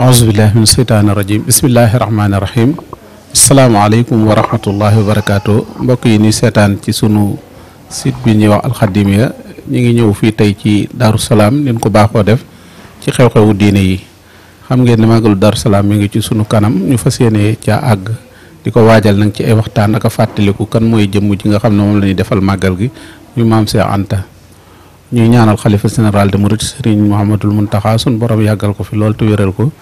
aousubillah min seytaani rajim bismillahi rahmaani rahim asalaamaaleykum wa rahmatullahi wa barakaatu mbokk yi ni seetaan ci sunu site bi ñuy wax alxadimiya ñu ngi ñëw fii tey ci Daaru Salaam magul ko baaxoo def ci xew-xewu diine yi xam ngeen ne màggalu Daaru mi ngi ci sunu kanam ñu fas yéene ag àgg di ko ci ay waxtaan kan mooy jëmm ji nga xam ne moom defal gi ñu maam Anta ñuy ñaanal xalifa général de Mouride Serigne Mouhamadul Muntaxa sun borom yàggal ko fi lool te wéral ko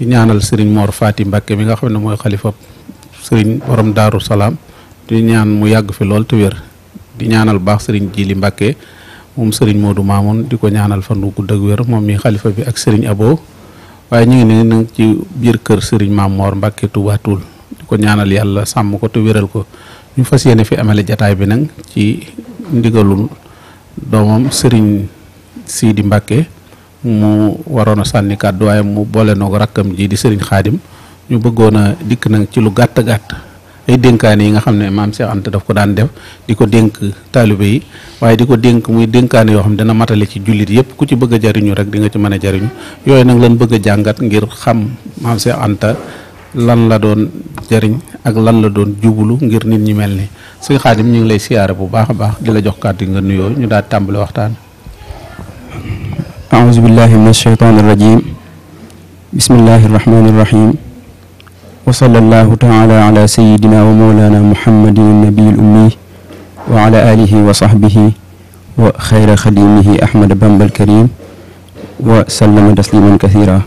di ñaanal sëriñ Mor Faati Mbàkke mi nga xam ne mooy xalifa sëriñ borom daaru salaam di ñaan mu yàgg fi lool te wér di ñaanal baax sëriñ Jili Mbàkke moom sëriñ Modou Mamoun di ko ñaanal fan wu gudd wér moom mi xalifa bi ak sëriñ Abo waaye ñu ngi ne nag ci biir kër sëriñ Maam Mor Mbàkke Tuubaa Tuul di ko ñaanal yàlla sàmm ko te wéral ko ñu fas yéene fi amale jataay bi nag ci ndigalul doomam sëriñ Sidi Mbàkke mu warona sanni kaddu ay mu bolé nok rakam ji di serigne khadim ñu bëggona dik nak ci lu gatt gatt ay dénkaane yi nga xamne maam Cheikh Anta daf ko daan def di denk talibé yi waye di denk muy dénkaane yo xamne dana matalé ci julit yépp ku ci bëgg jariñu rek di nga ci mëna jariñu yoy nak lan bëgg jangat ngir xam maam Cheikh Anta lan la doon jariñ ak lan la doon jublu ngir nit ñi melni ni khadim ñu ngi lay siyaare bu baaxa baax di la jox kaddu nga nuyo ñu daal tambalé waxtaan أعوذ بالله من الشيطان الرجيم بسم الله الرحمن الرحيم وصلى الله تعالى على سيدنا ومولانا محمد النبي الأمي وعلى آله وصحبه وخير خديمه أحمد بامبا الكريم وسلم تسليما كثيرا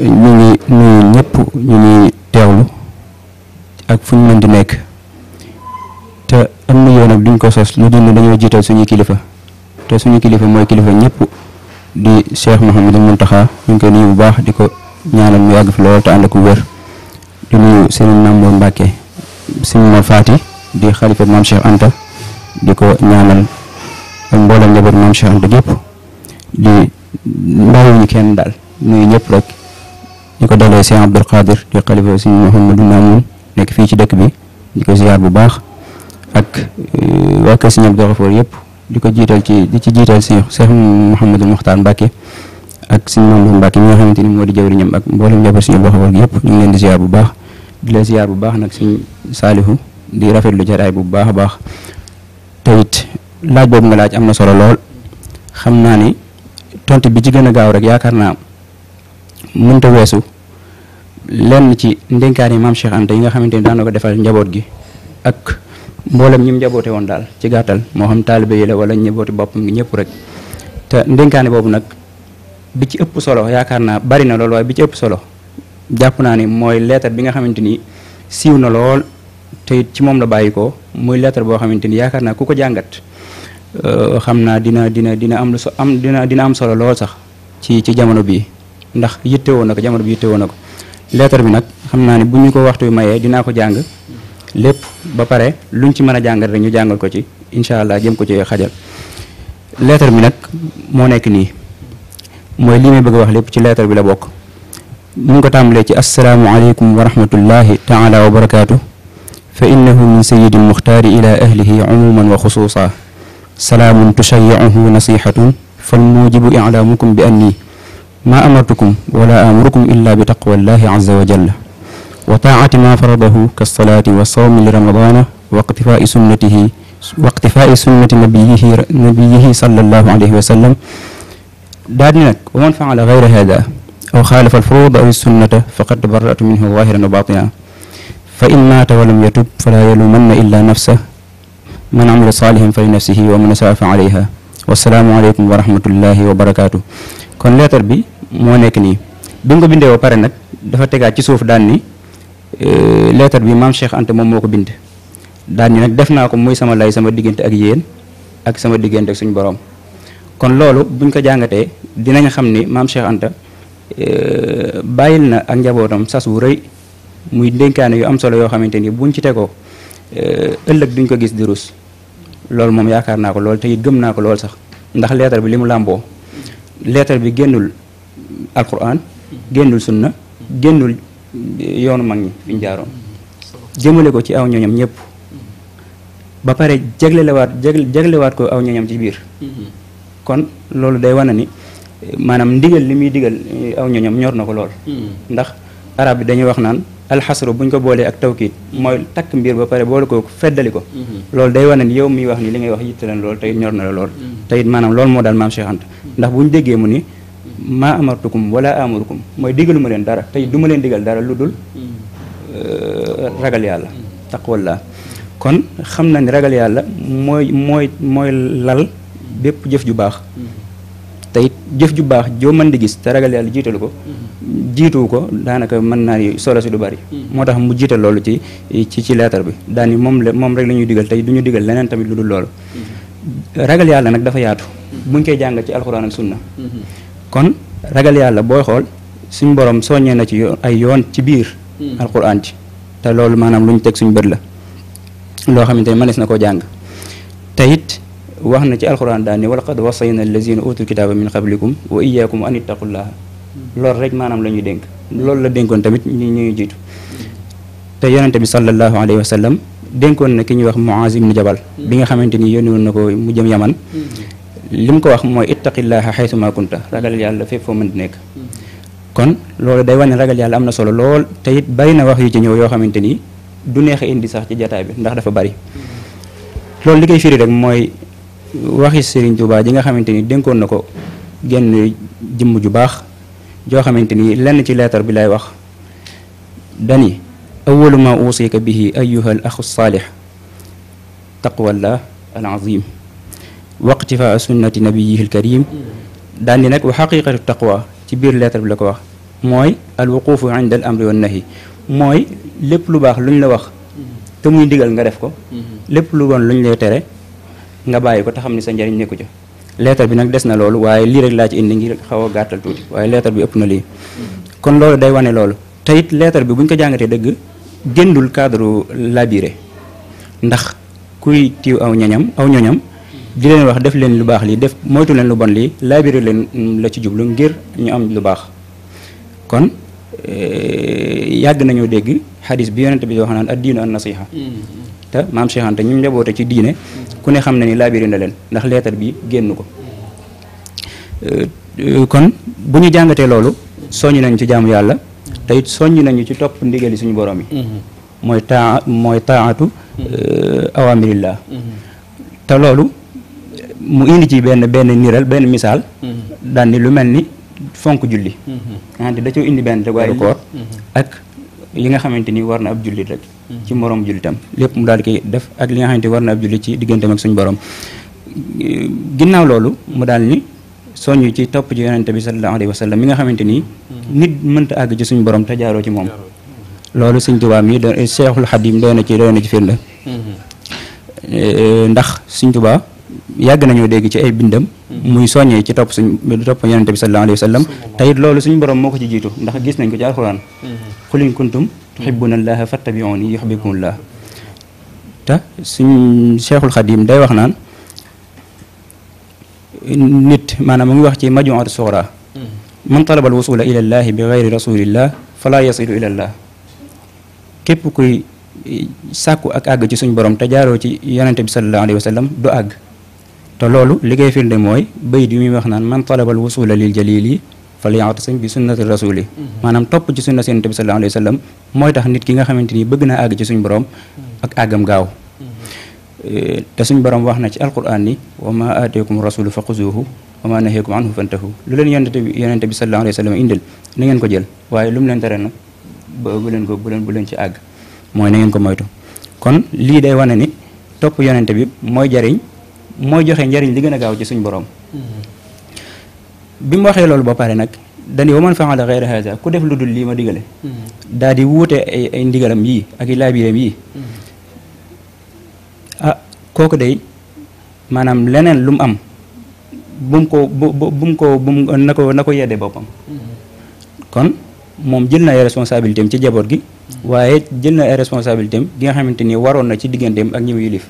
ñu ngi nuyu ñëpp ñu ngi teewlu ak fu ñu mën di nekk te am na yoon ak duñ ko sos lu dul dañoo jiital suñuy kilifa te suñu kilifa mooy kilifa ñëpp di cheikh Mouhamadou muntaha ñu ngi koy nuyu bu baax di ko ñaanal mu yàgg fi lool te ànd ak wér di nuyu seen Mame Mor Mbacke sëriñ Mor fati di xalifa maam Cheikh Anta di ko ñaanal ak mboolem njaboot maam Cheikh Anta gépp di ñu kenn daal nuyu ñëpp rek ñu ko dalee sëriñ Abdoul Khadir di xalifa sëriñ Mouhamadou Mamoun nekk fii ci dëkk bi di ko ziar bu baax ak eh, waa kër sëriñ Abdou Khafoor yëpp di ko jiital ci di ci jiital si Cheikh Mouhamadou Mokhtar Mbacke ak si Mamadou Mbacke ñi nga xamante ni moo di jawriñam ak mboolem njaboot suñu boo xawal yëpp ñu ngi leen di ziar bu baax di bu baax nag suñu saalihu di rafetlu jaraay bu baax a baax te it laaj boobu nga laaj am na solo lool xam naa ni tontu bi ci gën a gaaw rek yaakaar naa mënta weesu lenn ci ndénkaan yi maam Cheikh Anta yi nga xamante ni daan na ko defal njaboot gi ak. mbolam ñim mu won dal ci gatal mo xam talibé yi la wala ñëbooti boppam ngi ñëpp rek te ndénkaane bobu nak bi ci ëpp solo yaakaarna bari na lool way bi ci ëpp solo japp na ni moy lettre bi nga xamanteni siiw na lool te ci mom la bayiko ko lettre bo xamanteni yaakaarna kuko jangat euh ku ko euh, dina dina dina am so am dina dina am solo lool sax ci ci jamono bi ndax yitté won nak jamono bi yitté won nak lettre bi nak xamna ni buñu ko waxtu maye dina ko jang lépp ba pare luñ ci mën a jàngal rek ñu jàngal ko ci incha allah jëm ko ci xajal lettre bi nag moo nekk nii mooy li may bëgg a wax lépp ci lettre bi la bokk mu ngi ko tàmbalee ci asalaamualeykum wa rahmatullahi taala wa barakaatu fa innahu min a almuxtaari ila ahlihi umuman wa xusuusa salaamun tushayicuhu nasihatun fal mujibu iclaamukum bi anni ma amartukum wala amurukum bi taqwa allahi wa jalla wa taa'ati ma faradahu ka salaati wa sawmi li ramadaana wa iqtifaa'i sunnatihi wa iqtifaa'i sunnati nabiyihi nabiyihi sallallahu alayhi wa sallam daal di nag wa man faala gayra hada aw xaalafa alfuruud aw sunnata faqad tabarratu minhu zaahiran wa baatinan fa in maata wa lam yatub falaa yaluumanna illaa nafsahu man amila saalihan fa li nafsihi wa man asaa fa alayha wasalaamu aleykum wa rahmatullahi wa barakaatu kon leetar bi moo nekk nii bi nga ko bindee ba pare nag dafa tegaat ci suuf daan ni Euh, leetar bi maam Cheikh Anta moom moo ko bind daan nag def naa ko muy sama lay sama diggante ak yéen ak sama diggante suñ suñu borom kon loolu buñ ko jàngatee dinañ xam ni maam Cheikh Anta euh, bàyyil na ak njabootam sas wu rëy muy dénkaane yu am solo yoo xamante ni buñ ci tegoo euh, ëllëg duñ ko gis di rus loolu moom yaakaar naa ko lool te it gëm naa ko lool sax ndax leetar bi li mu làmboo leetar bi génnul alquran génnul sunna génnul yoonu mag ñi fi ñu jaaroon jëmale ko ci aw ñooñam ñëpp ba pare jaglelewaat jaglewaat ko aw ñooñam ci biir kon loolu day wane ni maanaam ndigal li muy digal aw ñooñam ñor na ko lool ndax arab bi dañuy wax naan alxasru buñ ko boolee ak tawkiit mooy takk mbir ba pare boole ko feddali ko loolu day wane ni yow miy wax ni li ngay wax yitte leen lool teyit ñor na la lool teyit maanaam loolu moo daal maam Cheikh Anta ndax buñ déggee mu ni maa amartukum wala amurukum mooy digaluma leen dara tey duma leen digal dara lu dul euh, ragal yàlla taqwallaa kon xam na ni ragal yàlla mooy mooy mooy lal bépp jëf ju baax tey jëf ju baax joo mën di gis te ragal yàlla jiitalu ko jiituwu ko daanaka mën naa ni solo si du bari moo tax mu jiital loolu ci ci ci leetar bi daani moom la moom rek la ñuy digal tey duñu digal leneen tamit lu dul loolu ragal yàlla nag dafa yaatu buñ koy jàng ci alxuraan ak sunna kon ragal yàlla booy xool suñ borom soññee na ci ay yoon ci biir hmm. alquran ci te loolu maanaam lu ñu teg suñ bët la loo xamante ne mënees na koo jàng te it wax na ci alquran daal ne walaqad wasayna allazina utul kitaaba min qablikum wa iyaakum an ittaqullaha hmm. loolu rek maanaam la ñuy dénk loolu la dénkoon tamit ñu ñuy jiitu te yonente bi sallallahu alayhi wa sallam dénkoon na ki ñuy wax Muaz ibn Jabal hmm. bi nga xamante ni yónni na ko mu jëm Yaman li mu ko wax mooy ittaqillaaha xaytu maa kunta ragal yàlla fépp foo mën nekk kon loolu day wane ragal yàlla am na solo lool te it bari na wax yu ci ñëw yoo xamante ni du neex a indi sax ci jataay bi ndax dafa bari loolu li koy firi rek mooy waxi Serigne Touba ji nga xamante ni dénkoon na ko genn jëmm ju baax joo xamante ni lenn ci leetar bi lay wax dani awwalu ma uusika bihi ayyuha al axu saalix taqwallah al azim waqtifaa sunnati nabiyihi alkarim daandi nag wa xaqiqatu taqwa ci biir lettre bi la ko wax mooy al wuqufu inda al amri wan nahi mooy lépp lu baax luñ la wax te muy digal nga def ko lépp lu bon luñ lay tere nga bàyyi ko te xam ne sa njëriñ nekku ca lettre bi nag des na loolu waaye lii rek laa ci indi ngir xaw a gàttal tuuti waaye lettre bi ëpp na lii kon loolu day wane loolu te it lettre bi bu ñu ko jàngatee dëgg géndul cadre labiré ndax kuy tiiw aw di leen wax def leen lu baax lii def moytu leen lu bon lii laabiri leen la ci jublu ngir ñu am lu baax kon eh, yàgg nañoo dégg xadis bi yonente bi wax naan ad diinu an nasiha mm-hmm. te maam Cheikh Anta ñu njaboote ci diine ku ne xam na ni laabiri na leen ndax leetar bi génn ko eh, eh, kon bu ñu jàngatee loolu soññ nañ ci jaamu yàlla tey it soññ nañu ci topp ndigali suñu borom yi mm-hmm. mooy taa mooy taatu mm-hmm. awamirillah te loolu mu indi ci benn benn niral benn misaal mm-hmm. daan ni lu mel ni fonk julli mm-hmm. nga xam da coo indi benn waaye koor mm-hmm. ak li nga xamante ni war na ab jullit rek ci moroom jullitam lépp mu daal di koy def ak li nga xamante ni war na ab jullit ci digganteem ak suñu borom ginnaaw loolu mu daal ni soññ ci topp ci yonente bi sallallahu alayhi wa sallam mi nga xamante ni nit mënta àgg ci suñu borom te jaaroo ci moom loolu sëñ Tuubaa mi doon eh, Seexul Xadiim doy na ci doy na ci firnde eh, eh, ndax sëñ Tuubaa yàgg nañoo dégg ci ay bindam muy soññee ci topp suñ topp yonente bi sallallahu alayhi wa sallam te it loolu suñu borom moo ko ci jiitu ndax gis nañ ko ci alxuraan mm-hmm. qul in kuntum tuhibbuna allaha fattabi'uni yuhibbukumullah te suñ cheikhul xadim day wax naan nit maanaam mu ngi wax ci mm-hmm. ak àgg ci suñ borom te jaaroo ci yonente bi sallallahu alayhi wa du àgg te loolu li koy firnde mooy bayit yi muy wax naan man talabal wusula lil jalili falyaatasim bi sunnati rasuli mm-hmm. maanaam topp ci sunna Yonent bi sallallahu alayhi wa mooy tax nit ki nga xamante ni bëgg naa àgg ci suñ borom mm-hmm. ak àggam gaaw mm-hmm. eh, te suñ borom wax na ci alquran ni wa ma aataakum rasulu fa xuzuhu wa ma naheekum anhu fantahu lu leen yonent bi yonent bi sallallahu alayhi wa sallam indil na ngeen ko jël waaye lu mu leen tere na ba bu leen ko bu leen bu leen ci àgg mooy na ngeen ko moytu kon lii day wane ni topp yonent bi mooy jariñ mooy joxe njariñ li gëna a gaaw ci suñ borom bimu waxe lolou ba paré nak dani waman faala ghayra hadha ku def luddul li ma digalé daal di wuute ay ndigalam yi ak laabiram ah koku day manam leneen lum am bum ko bum ko bum na ko yedde bopam kon mom jël na responsabilité ci jabor gi waye jël na responsabilité gi nga xamanteni waron na ci digëndem ak ñimu yulif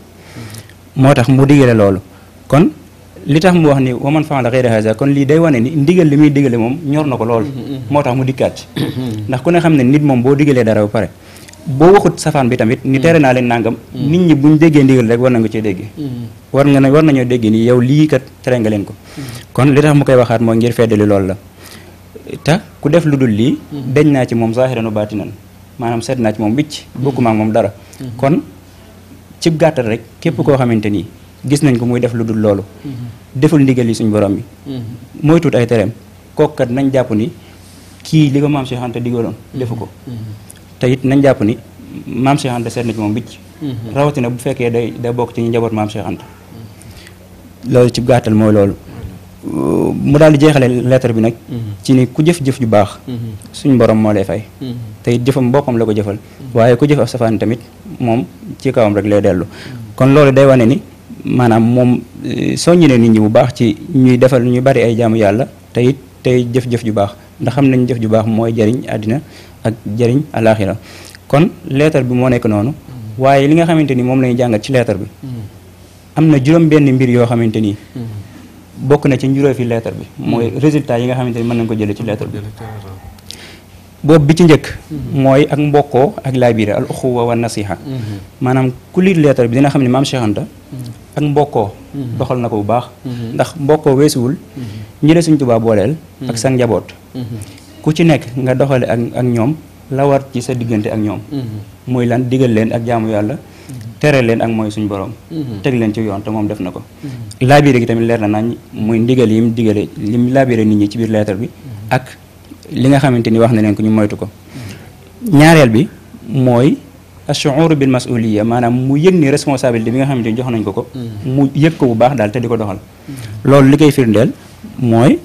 moo tax mu digale loolu kon li tax mu wax ni man waman faala xeyra haza kon lii day wane ni ndigal li muy digale moom ñor na ko loolu mm-hmm, mm-hmm. moo tax mu dikkaat mm-hmm. ndax ku ne xam ne nit moom boo digalee dara ba pare boo waxut safaan bi tamit ni tere naa leen nangam nit ñi buñ déggee ndigal rek war na nga cee dégg war nga war nañoo déggee ni yow lii kat tere nga leen ko kon li tax mu koy waxaat mooy ngir feddali loolu la te ku def lu dul lii dañ naa ci moom zaahiran wa baatinan maanaam seet naa ci moom wicc bokkuma ak moom dara cib gàttal rek képp koo xamante ni gis nañ ko muy def lu dul loolu deful ndigal yi suñu borom bi mooy tuut ay tereem kookat nañ jàpp ni kii li ko maam Cheikh Anta digaloon defu ko te it nañ jàpp ni maam Cheikh Anta seet na ci moom bicc rawatina bu fekkee day day bokk ci ñu njaboot maam Cheikh loolu cib gàttal mooy loolu mu daal di jeexale lettre bi nag mhm. ci ni ku jëf-jëf ju baax mhm. suñ boroom moo lay fay mhm. te it jëfam boppam la ko jëfal waaye ko jëf ab safaan tamit moom ci kawam rek lay dellu kon loolu day wane ni maanaam moom eh, soññi ne nit ñi bu baax ci ñuy defal ñu bari ay jaamu yàlla te it tey jëf-jëf ju baax ndax xam nañ jëf ju baax mooy jariñ àddina ak jariñ alaaxira kon leetar bi moo nekk noonu waaye li nga xamante ni moom la jàngat ci leetar bi am na juróom benn bokk na ci njuróo fi lettre bi hmm. mooy résultat yi nga xamante ni mën nañ ko jëlee ci lettre bi boobu bi ci njëkk hmm. mooy ak mbokkoo ak laabire al uxuwa wa nasiha hmm. maanaam ku liir lettre bi dina xam ne maam Cheikh ak mbokkoo doxal na ko bu baax ndax mbokkoo weesuwul ñi la suñ tubaab booleel ak sa njaboot ku ci nekk nga doxale ak ak ñoom la war ci sa diggante ak ñoom muy lan digal leen ak jaamu yàlla tere leen ak mooy suñ borom. Mm-hmm. teg leen ci yoon te moom def na ko. Mm-hmm. laabire gi tamit leer na nañ muy ndigal yim digale lim laabire nit ñi ci biir lettre bi. Mm-hmm. ak li nga xamante ni wax na leen ko ñu moytu ko. ñaareel bi mooy ashuur bil masuliya maanaam mu yëg ni responsabilité bi nga xamante ni jox nañ ko ko. mu yëg ko bu baax daal te di ko doxal. loolu li koy firndeel mooy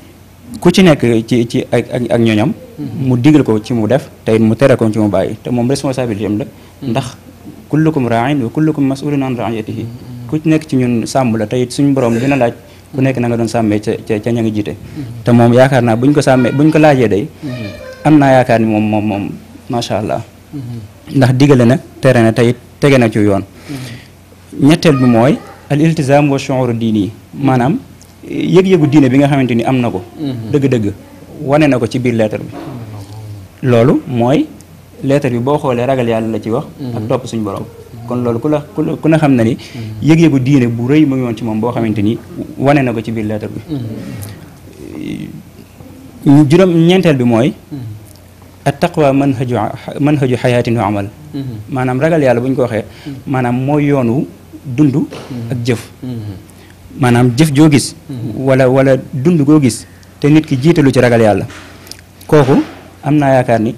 ku ci nekk ci ci ak ak ñoñam. mu digal ko ci mu def te mu tere ko ci mu bàyyi te kullukum raain wa kullukum masulun an raiyatihi ku ci nekk ci ñun sàmm la tey suñu borom dina laaj ku nekk na nga doon sàmmee ca ca ca ña ngi jiite te moom yaakaar naa buñ ko sàmmee buñ ko laajee day am naa yaakaar ni moom moom moom macha allah ndax digale na tere na tey tege na ci yoon ñetteel bi mooy al iltizaam wa shuuru diini maanaam yëg-yëgu diine bi nga xamante ni am na ko mm-hmm. dëgg-dëgg wane na ko ci biir lettre bi loolu mooy leetar bi boo xoolee ragal yàlla la ci wax ak mhm. topp suñu borom mhm. kon loolu ku la ku la xam na ni mhm. yëg-yëgu diine bu rëy mu ngi woon ci moom boo xamante ni wane na ko ci biir leetar bi juróom ñeenteel bi mooy at xaju manhaju manhaju xayaatin wa amal maanaam ragal yàlla bu ñu ko waxee maanaam mooy yoonu dund ak jëf maanaam jëf joo gis wala wala dund koo gis te nit ki jiitalu ci ragal yàlla kooku am naa yaakaar ni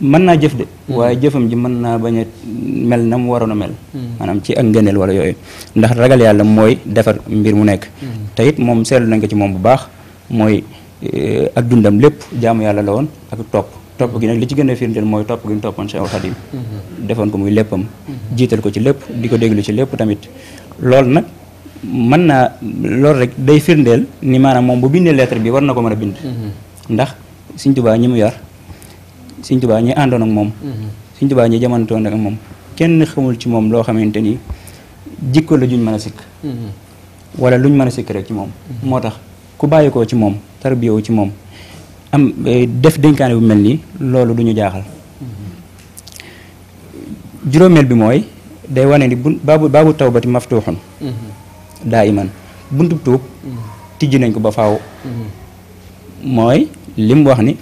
man na jëf de hmm. waye jëfam ji man na baña mel nam waro waroon mel manam ci ak ngeenel wala yoy ndax ragal yalla moy defar mbir mu nek hmm. tayit mom moom seetlu nañ ci mom bu baax moy eh, ak dundam lepp jaamu yalla la won ak top top gi nak li ci gëna a firndeel moy top gi ñu topon Cheikh Khadim hmm. defon ko muy leppam jital ko ci lepp diko deglu ci lepp tamit loolu nak man na loolu rek day firndel ni manam mom bu bindé lettre bi war na ko mëna bind ndax seigne touba ñimu yar Sëñ Tuubaa ñi àndoon ak moom mm-hmm. Sëñ Tuubaa ñi jamantoon ak moom kenn xamul ci moom loo xamante ni jikko la juñ mën a sikk mm-hmm. wala luñ mën a sikk rek ci moom mm-hmm. moo tax ku bàyyi koo ci moom tarbiyewu ci moom am eh, def dénkaane bu mel nii loolu du ñu jaaxal juróomeel bi mooy day wane ni bu baabu baabu tawbati maftuuxun daa iman buntub tuub tijji nañ ko ba faw mooy lim wax ni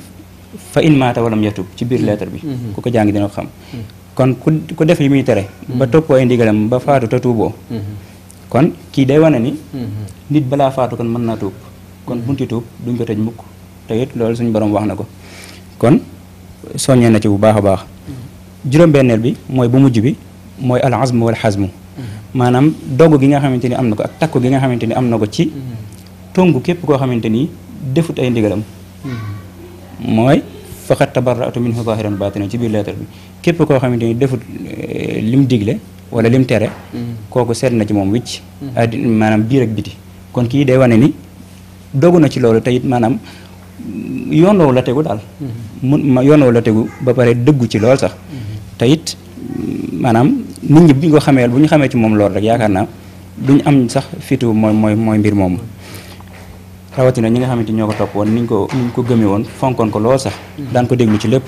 fa in maata walam yatub ci biir lettre bi mm-hmm. ku ko jàng dina ko xam mm-hmm. kon ku ku def yi muy tere ba mm-hmm. toppoo ay ndigalam ba faatu te tuuboo kon kii day wane ni nit balaa faatu kon mën naa tuub kon bunti tuub duñ ko tëj mukk te it loolu suñu borom wax na ko kon soññee na ci bu baax a baax juróom-benneel bi mooy bu mujj bi mooy al azmu wal xasmu maanaam dogg gi nga xamante ni am na ko ak takku gi nga xamante ni am na ko ci tongu képp koo xamante ni defut ay mooy faqat tabarra'tu minhu zahiran baatinan ci biir lettre bi képp koo xamante ni defut eh, lim digle wala lim tere mm. kooku seet na ci moom wicc mm. addi maanaam biir ak biti kon kii day wane ni dogu na ci loolu te it maanaam yoon woowu la tegu daal mm-hmm. mun ma yoon woowu la tegu ba pare dëggu ci lool sax mm-hmm. te it maanaam nit ñi bi nga xamee bu ñu xamee ci moom loolu rek yaakaar naa duñ am sax fitu mooy mooy mooy mbir moomu rawatina ñi nga xamante ñoo ko topp woon niñ ko niñ ko gëmee woon fonkoon ko lool sax mhm. daan ko déglu ci lépp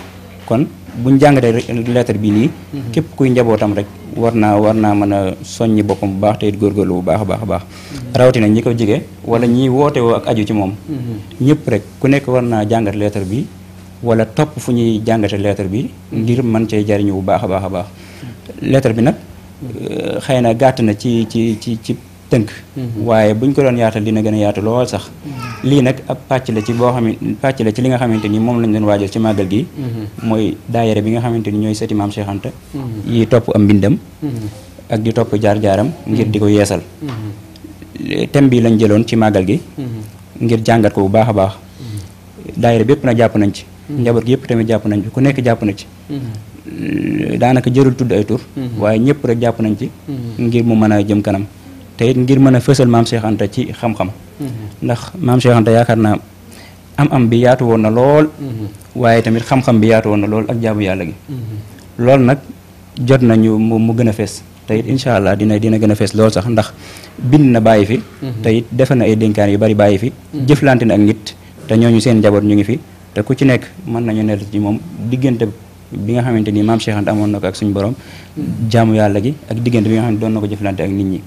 kon buñ jàngatee lettre bi nii mhm. képp kuy njabootam rek war naa war naa mën a soññi boppam bu baax te góor góorgóorlu bu baax a baax a baax mhm. rawatina ñi ko jige wala ñiy woote woo ak aju ci moom ñëpp rek ku nekk war naa jàngat lettre bi wala topp fu ñuy jàngate lettre bi ngir mën cee jariñu bu baax a baax a baax lettre bi nag xëy na gàtt na ci ci ci ci tënk mhm. waaye buñ ko doon yaatal dina gën a yaatu lool sax mhm. lii nag ab pàcc la ci boo xam pàcc la ci li nga xamante ni moom lañ doon waajal ci màggal gi mhm. mooy daayira bi nga xamante ni ñooy sëti maam Cheikh Anta yi topp am mbindam ak di topp jaar-jaaram ngir di ko yeesal thème bi lañ jëloon ci màggal gi ngir jàngat ko bu baax a baax daayira bépp na jàpp nañ ci njaboot gi yëpp tamit jàpp nañ ci ku nekk jàpp na ci daanaka jërul tudd ay tur waaye ñëpp rek jàpp nañ ci ngir mu mën a jëm kanam te ngir mën a fësal maam Cheikh ci xam-xam mm-hmm. ndax maam Cheikh Anta yaakaar naa am-am bi yaatu woon na lool mm-hmm. waaye tamit xam-xam bi yaatu woon na lool ak jaamu yàlla gi mm-hmm. loolu nag jot nañu mu gën a fees te it allah dina dina gën a fees lool sax ndax bind na bàyyi fi te it defe na ay dénkaan yu bari bàyyi fi jëflante na ak nit te ñu seen njaboot ñu ngi fi te ku ci nekk mën nañu ne ci moom diggante bi nga xamanteni mam maam Cheikh ant amon na ak suñu borom jaamu yalla gi ak diggante bi nga xamanteni doon na ko ak nit ñi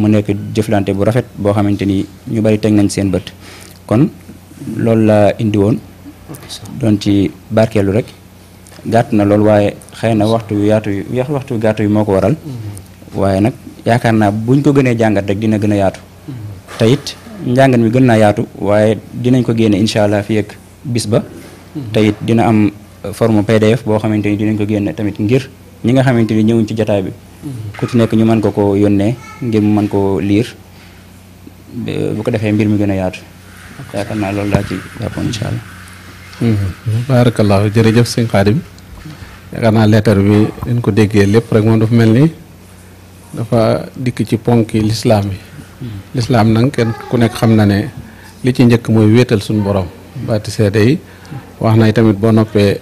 mu nekk jëflante bu rafet bo xamanteni ñu bari nañ seen bëtt kon lool la indi won doon ci barkelu rek gatt na lool waaye xeyna waxtu yu yaatu yu yax waxtu gatt yu moko waral waaye nak yaakaar naa buñ ko gëné jàngat rek dina yatu, yaatu tayit it mi gëna yaatu waaye dinañ ko gëné inshallah allah fi ak bisba tayit dina am forme PDF boo xamante ni dinañ ko génne tamit ngir ñi nga xamante ni ñëwuñ ci jotaay bi mm-hmm. ku ci nekk ñu man ko ko yónnee ngir mu man ko liir bu ko defee mbir mi gën a yaatu yaakaar naa loolu laa ci jàppoon incha allah mm-hmm. baarakallaahu jërëjëf sëñ Xaadim yaakaar naa leetar bi dañ ko déggee lépp rek moom dafa mel ni dafa dikk ci ponk yi lislaam yi mm-hmm. lislaam nag kenn ku nekk xam na ne li ci njëkk mooy wéetal suñu borom baati seede yi wax na tamit boo noppee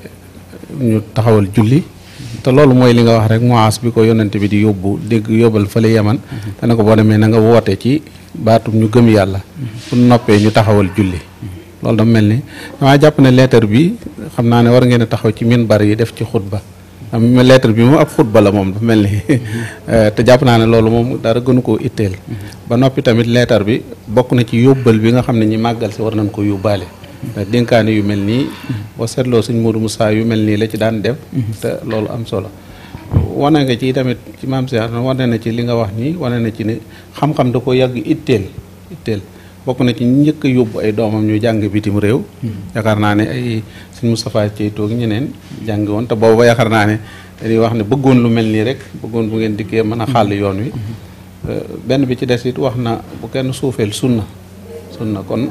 ñu taxawal julli te loolu mooy li nga wax rek moas bi ko yonent bi di yóbbu dégg yóbbal fële yeman te ne ko boo demee na nga woote ci baatum ñu gëm yàlla bu noppee ñu taxawal julli loolu mel ni jàpp ne lettre bi xam naa ne war ngeen a taxaw ci minbar yi def ci xutba am lettre bi moom ab xutba la moom dafa mel ni te jàpp naa ne loolu moom dara gënu koo itteel ba noppi tamit leetar bi bokk na ci yóbbal bi nga xam ne ñi màggal si war nañ ko yóbbaale ndax yu mel nii boo seetloo suñ Modou Moussa yu mel nii la ci daan def te loolu am solo wane nga ci tamit ci maam Cheikh wane na ci li nga wax nii wane na ci ne xam-xam da ko yàgg itteel itteel bokk na ci njëkk a yóbbu ay doomam ñu jàng bitim réew yaakaar naa ne ay suñ Moustapha Thiey toog ñeneen jàngi woon te boobu yaakaar naa ne dañuy wax ne bëggoon lu mel nii rek bëggoon bu ngeen diggee mën a xàll yoon wi mm-hmm. euh, benn bi ci des it wax na bu kenn suufeel sunna sunna kon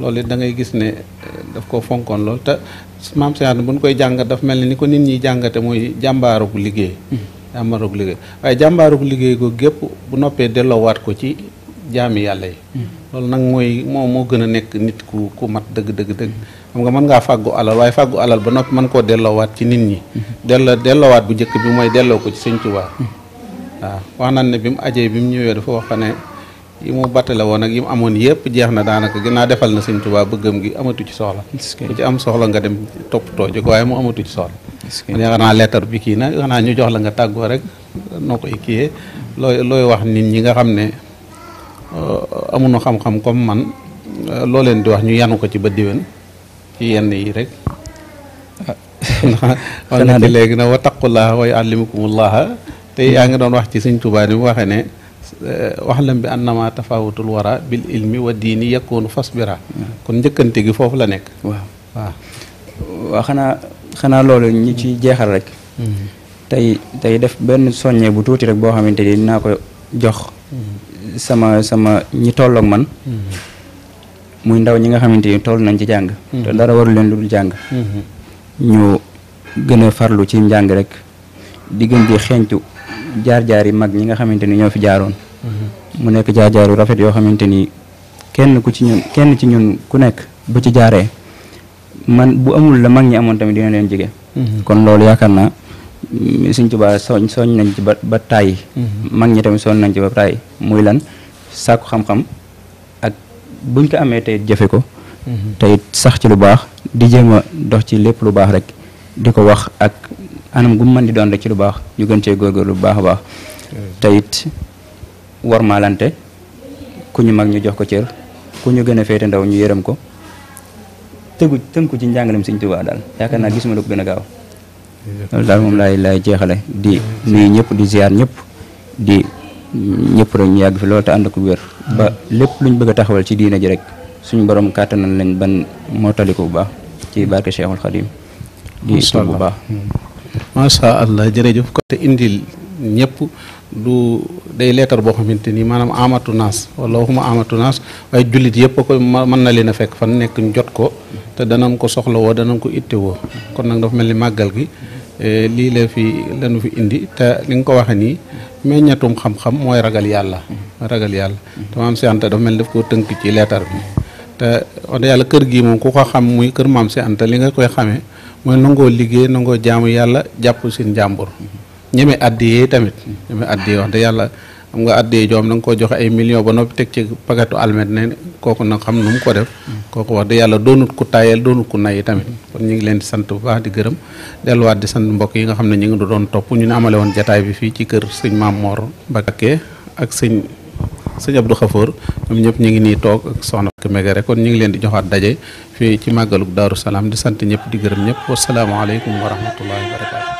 lolé da ngay gis ne eh, daf ko fonkon lol ta maam Cheikh buñ koy jàngat daf melni ni ko nit ñi jàngate mooy jàmbaarug liggéey hmm. jàmbaarug liggéey waaye jàmbaarug liggéey go gep bu noppee wat ko ci jami yalla yi hmm. loolu nag mooy mo mo gën a nit ku ku mat deug deug deug hmm. xam nga man ngaa faggu alal way faggu alal ba man ko koo wat ci nit ñi delloo wat bu jëk bi moy delo ko ci Sëñ Tuubaa wa wax nan ne bimu ajé bimu ñëwé dafa wax yi mu battale won ak yi mu amoon yépp jeex na daanaka ginnaa defal na seigne touba bëggam gi amatu ci soxla ku ci am soxla nga dem top to, ko waaye mu amatu ci soxla man yaakaar naa leetar bi na nag xanaa ñu jox la nga taggo rek noko koy loy loy wax nit ñi nga ne euh, amuñu xam-xam comme man euh, lo leen di wax ñu yanu ko ci ba diwen ci yenn yi rek na ci na wa taqullaha wa te ya nga don wax ci seigne touba ni waxlam bi na annama tafawutul wara bil ilmi wa diini yakkoonu fasbira kon njëkkante gi foofu la nekk waaw waaw xanaa xanaa loolu ñi ci jeexal rek hmm. tey tey def benn soññee bu tuuti rek boo xamante ni dinaa ko jox hmm. sama sama ñi tolloog man hmm. muy ndaw ñi nga xamante ni toll nañ ci jàng te dara waru lu dul jàng ñu gën farlu ci njàng rek di xeeñtu jaar-jaar yi mag ñi nga xamanteni ni ñoo fi jaaroon mu nekk jaar yu rafet yoo xamanteni kenn ku ci ñun kenn ci ñun ku nekk bu ci jaaree man bu amul la mag ñi amoon tamit dina leen jige mhm. kon loolu yaakaar naa mm, Sëñ Tuubaa soñ soñ nañ ci ba ba mhm. mag ñi tamit soñ nañ ci ba tàyyi muy lan sàkku xam-xam ak buñ ko amee tey jëfe ko mhm. tey sax ci lu baax di jéem a dox ci lépp lu baax rek di ko wax ak anam gu man di doon rek ci lu baax ñu gën cee góorgóorlu bu baax a baax te it war maalante ku ñu mag ñu jox ko cër ku ñu gën a féete ndaw ñu yërëm ko tëgu tënku ci njàngalem Sëñ Tuubaa daal yaakaar naa gisuma lu ko gën a gaaw loolu moom laay laay jeexale di nuyu ñëpp di ziar ñëpp di ñëpp rek ñu yàgg fi te ànd ko wér ba mm. lépp luñ bëgg a taxawal ci diina ji rek suñu borom kàttanan lañ ban moo ko bu baax ci barke Cheikhul Khadim di bu baax mm. masa allah jërëjëf ko te indil ñepp du day leetar bo xamanteni ni amatu nas wala waxuma amatu nas way julit yëpp ko man na leena fek fan nek ñu jot ko te danam ko soxla wo danam ko itte wo kon nak dafa melni magal gi eh, li la fi lañu fi indi te li nga ko waxe ni meñatum xam-xam moy ragal yalla ragal yalla te maam si dafa mel daf ko teunk ci leetar bi te on yalla keur gi mom ku ko xam muy keur mam si li nga koy xame mooy nangoo liggéey nangoo jaamu yàlla jàpp seen jàmbur ñeme addiyee tamit ñeme addiyee wax de yàlla xam nga addiyee joom na nga ko joxe ay million ba noppi teg ci paketu almet ne kooku nag xam nu mu ko def kooku wax de yàlla doonut ku tayel doonut ku nayi tamit kon ñu ngi leen di sant bu baax di gërëm delluwaat di sant mbokk yi nga xam ne ñu ngi doon topp ñu ne amale woon jataay bi fii ci kër sëñ Maam Mor Mbacké ak sëñ sëñ Abdou Khafour ñoom ñëpp ñu ngi nii toog ak soxna Fatou Megere kon ñu ngi leen di joxaat daje fii ci màggalug Daaru Salaam di sant ñëpp di gërëm ñëpp wasalaamaaleykum wa rahmatullahi wa barakatu